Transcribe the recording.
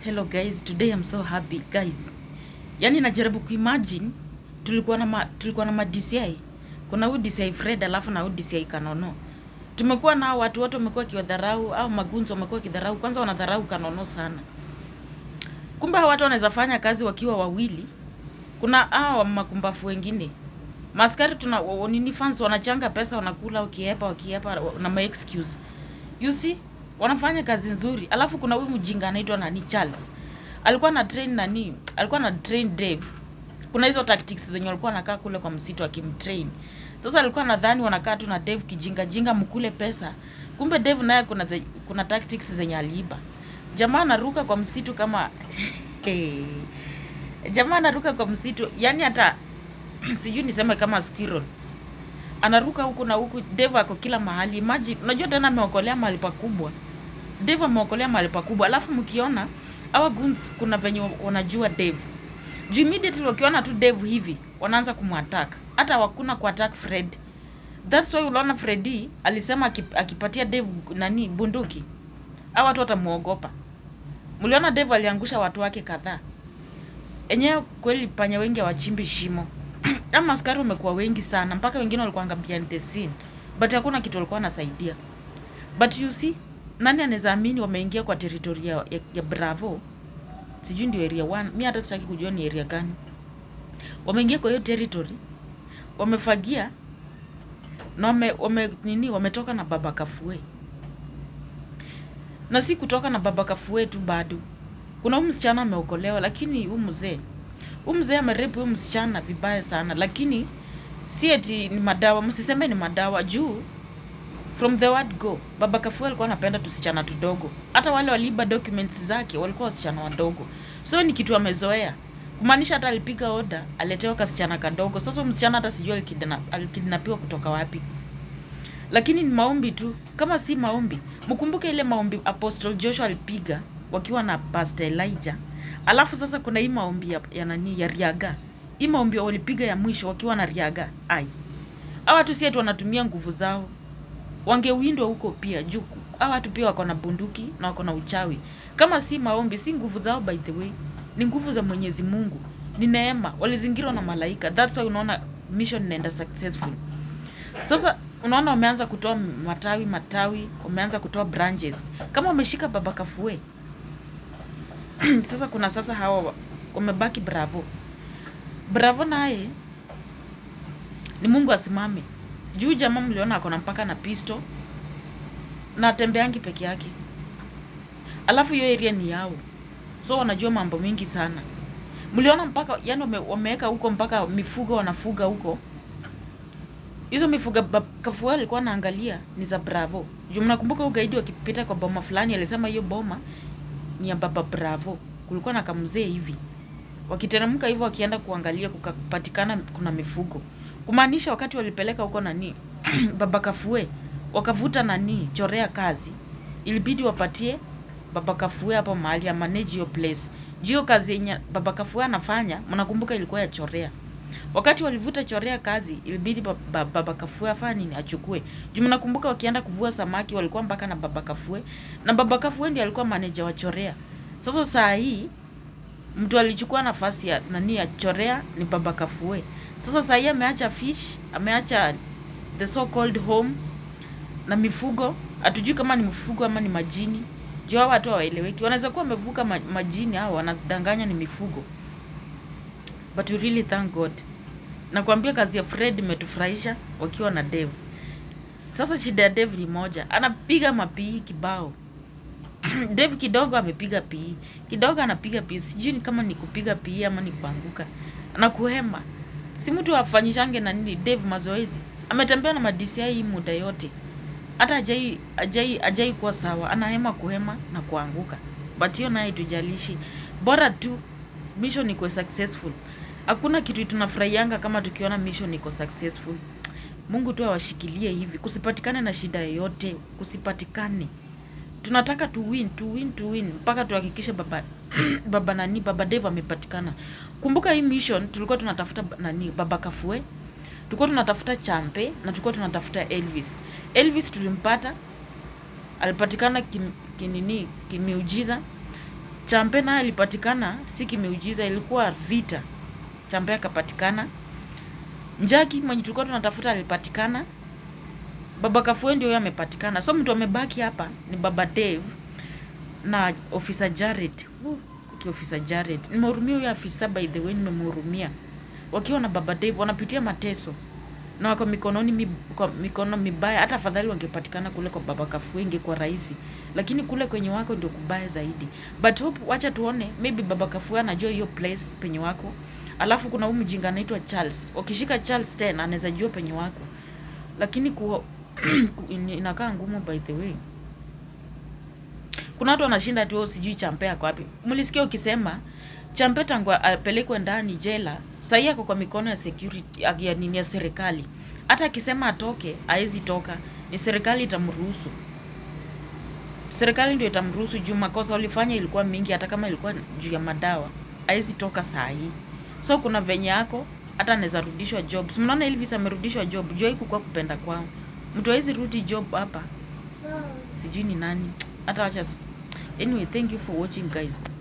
Hello guys, today I'm so happy guys. Yaani najaribu kuimagine tulikuwa na ma, tulikuwa na DCI. Kuna huyu DCI Fred alafu na huyu DCI Kanono. Tumekuwa na watu wote wamekuwa kiwadharau au magunzo wamekuwa kidharau. Kwanza wanadharau Kanono sana. Kumbe watu wanaweza fanya kazi wakiwa wawili. Kuna hao makumbafu wengine. Maskari tuna nini fans wanachanga pesa wanakula wakiepa wakiepa na ma excuse. You see? wanafanya kazi nzuri. Alafu kuna huyu mjinga anaitwa nani Charles, alikuwa na train nani, alikuwa na train Dave. Kuna hizo tactics zenye walikuwa wanakaa kule kwa msitu akimtrain. Sasa alikuwa nadhani wanakaa tu na Dave kijinga jinga mkule pesa, kumbe Dave naye kuna ze, kuna tactics zenye aliiba. Jamaa anaruka kwa msitu kama Jamaa anaruka kwa msitu yani hata sijui niseme kama squirrel anaruka huku na huku. Dave ako kila mahali maji, unajua tena ameokolea mahali pakubwa. Dave ameokolea mahali pakubwa. Alafu mkiona hawa goons kuna venye wanajua Dave. Juu immediately wakiona tu Dave hivi wanaanza kumwattack. Hata hakuna kuattack Fred. That's why uliona Freddy alisema akipatia Dave nani bunduki. Hawa watu watamuogopa. Mliona Dave aliangusha watu wake kadhaa. Enyewe kweli panya wengi hawachimbi shimo. Ama askari wamekuwa wengi sana mpaka wengine walikuwa ngambia the scene. But hakuna kitu walikuwa wanasaidia. But you see nani anaweza amini wameingia kwa teritori ya, ya Bravo? Sijui ndio area 1. Mimi hata sitaki kujua ni area gani. Wameingia kwa hiyo territory. Wamefagia na wame, wame nini wametoka na baba kafue. Na si kutoka na baba kafue tu bado. Kuna huyu msichana ameokolewa lakini huyu mzee huyu mzee amerepu huyu msichana vibaya sana lakini si eti ni madawa, msiseme ni madawa juu From the word go, Baba Kafue alikuwa anapenda tusichana tudogo. Hata wale waliiba documents zake walikuwa wasichana wadogo, so ni kitu amezoea kumaanisha. Hata alipiga oda aletewa kasichana kadogo. Sasa msichana hata sijui alikidnapiwa kutoka wapi, lakini ni maombi tu. Kama si maombi, mkumbuke ile maombi Apostle Joshua alipiga wakiwa na Pastor Elijah, alafu sasa kuna hii maombi ya, ya nani ya Riaga, hii maombi walipiga ya mwisho wakiwa na Riaga. Ai, hawa tu sie tu wanatumia nguvu zao wangewindwa huko pia juu hawa watu pia wako na bunduki na wako na uchawi. Kama si maombi, si nguvu zao, by the way, ni nguvu za Mwenyezi Mungu, ni neema. Walizingirwa na malaika, that's why unaona mission inaenda successful. Sasa unaona wameanza kutoa matawi matawi, wameanza kutoa branches kama wameshika baba kafue sasa kuna sasa hawa wamebaki Bravo, Bravo naye ni Mungu asimame juu jamaa mliona akona mpaka na pisto na tembeangi peke yake, alafu hiyo area ni yao, so wanajua mambo mingi sana. Mliona mpaka yani wameweka huko mpaka mifugo wanafuga huko. Hizo mifugo Kafua alikuwa anaangalia ni za Bravo juu, mnakumbuka ugaidi wakipita kwa boma fulani, alisema hiyo boma ni ya baba Bravo. Kulikuwa na kamzee hivi wakiteremka hivyo wakienda kuangalia, kukapatikana kuna mifugo Kumaanisha wakati walipeleka huko nani baba Kafue wakavuta nani chorea kazi, ilibidi wapatie baba Kafue hapo mahali ya manage your place. Jio kazi yenye baba Kafue anafanya, mnakumbuka ilikuwa ya chorea. Wakati walivuta chorea kazi, ilibidi baba, baba Kafue afanye nini? Achukue juu, mnakumbuka wakienda kuvua samaki walikuwa mpaka na baba Kafue, na baba Kafue ndiye alikuwa manager wa chorea. Sasa saa hii mtu alichukua nafasi ya nani ya chorea ni baba Kafue. Sasa sahii ameacha fish, ameacha the so called home na mifugo, hatujui kama ni mifugo ama ni majini juu hawa watu hawaeleweki. Wanaweza kuwa wamevuka majini hao, wanadanganya ni mifugo, but we really thank God. Nakwambia kazi ya Fred imetufurahisha wakiwa na Dev. Sasa shida ya Dev ni moja, anapiga mapii kibao Dev kidogo amepiga pii kidogo anapiga pii, Sijui kama ni kupiga pii ama ni kuanguka. Anakuhema si mtu afanyishange na nini Dave mazoezi, ametembea na madisiai hii muda yote, hata ajai, ajai, ajai kuwa sawa, anahema kuhema na kuanguka, but hiyo naye tujalishi, bora tu mission iko successful. Hakuna kitu tunafurahianga kama tukiona mission iko successful. Mungu tu awashikilie hivi, kusipatikane na shida yoyote, kusipatikane tunataka tu win tu win tu win mpaka tuhakikishe baba baba nani baba Dave amepatikana. Kumbuka hii mission tulikuwa tunatafuta nani baba Kafue, tulikuwa tunatafuta Champe na tulikuwa tunatafuta Elvis. Elvis tulimpata, alipatikana kim, kinini kimeujiza. Champe na alipatikana, si kimeujiza, ilikuwa vita. Champe akapatikana. Njaki mwenye tulikuwa tunatafuta alipatikana. Baba Kafue ndio huyo amepatikana, so mtu amebaki hapa ni Baba Dave na ofisa Jared. Ki ofisa Jared nimehurumia huyo afisa, by the way, nimehurumia. Wakiwa na Baba Dave wanapitia mateso na wako mikononi mi, kwa mikono mibaya. Hata afadhali wangepatikana kule kwa Baba Kafue ingekuwa rahisi, lakini kule kwenye wako ndio kubaya zaidi. But hope, wacha tuone, maybe Baba Kafue anajua hiyo place penye wako. Alafu kuna huyu mjinga anaitwa Charles, wakishika Charles tena anaweza jua penye wako, lakini kuwa inakaa ngumu by the way. Kuna watu wanashinda tu sijui champea kwa wapi. Mlisikia ukisema champea tangu apelekwe ndani jela, sahii ako kwa mikono ya security ya nini ya serikali. Hata akisema atoke, haezi toka. Ni serikali itamruhusu. Serikali ndio itamruhusu juu makosa ulifanya ilikuwa mingi, hata kama ilikuwa juu ya madawa, haezi toka sahii. So kuna venye yako hata anaweza rudishwa job. Mnaona Elvis amerudishwa job, jua juu kwa kupenda kwao mtu hawezi rudi job hapa, hmm. sijui ni nani hata. Wacha anyway, thank you for watching guys.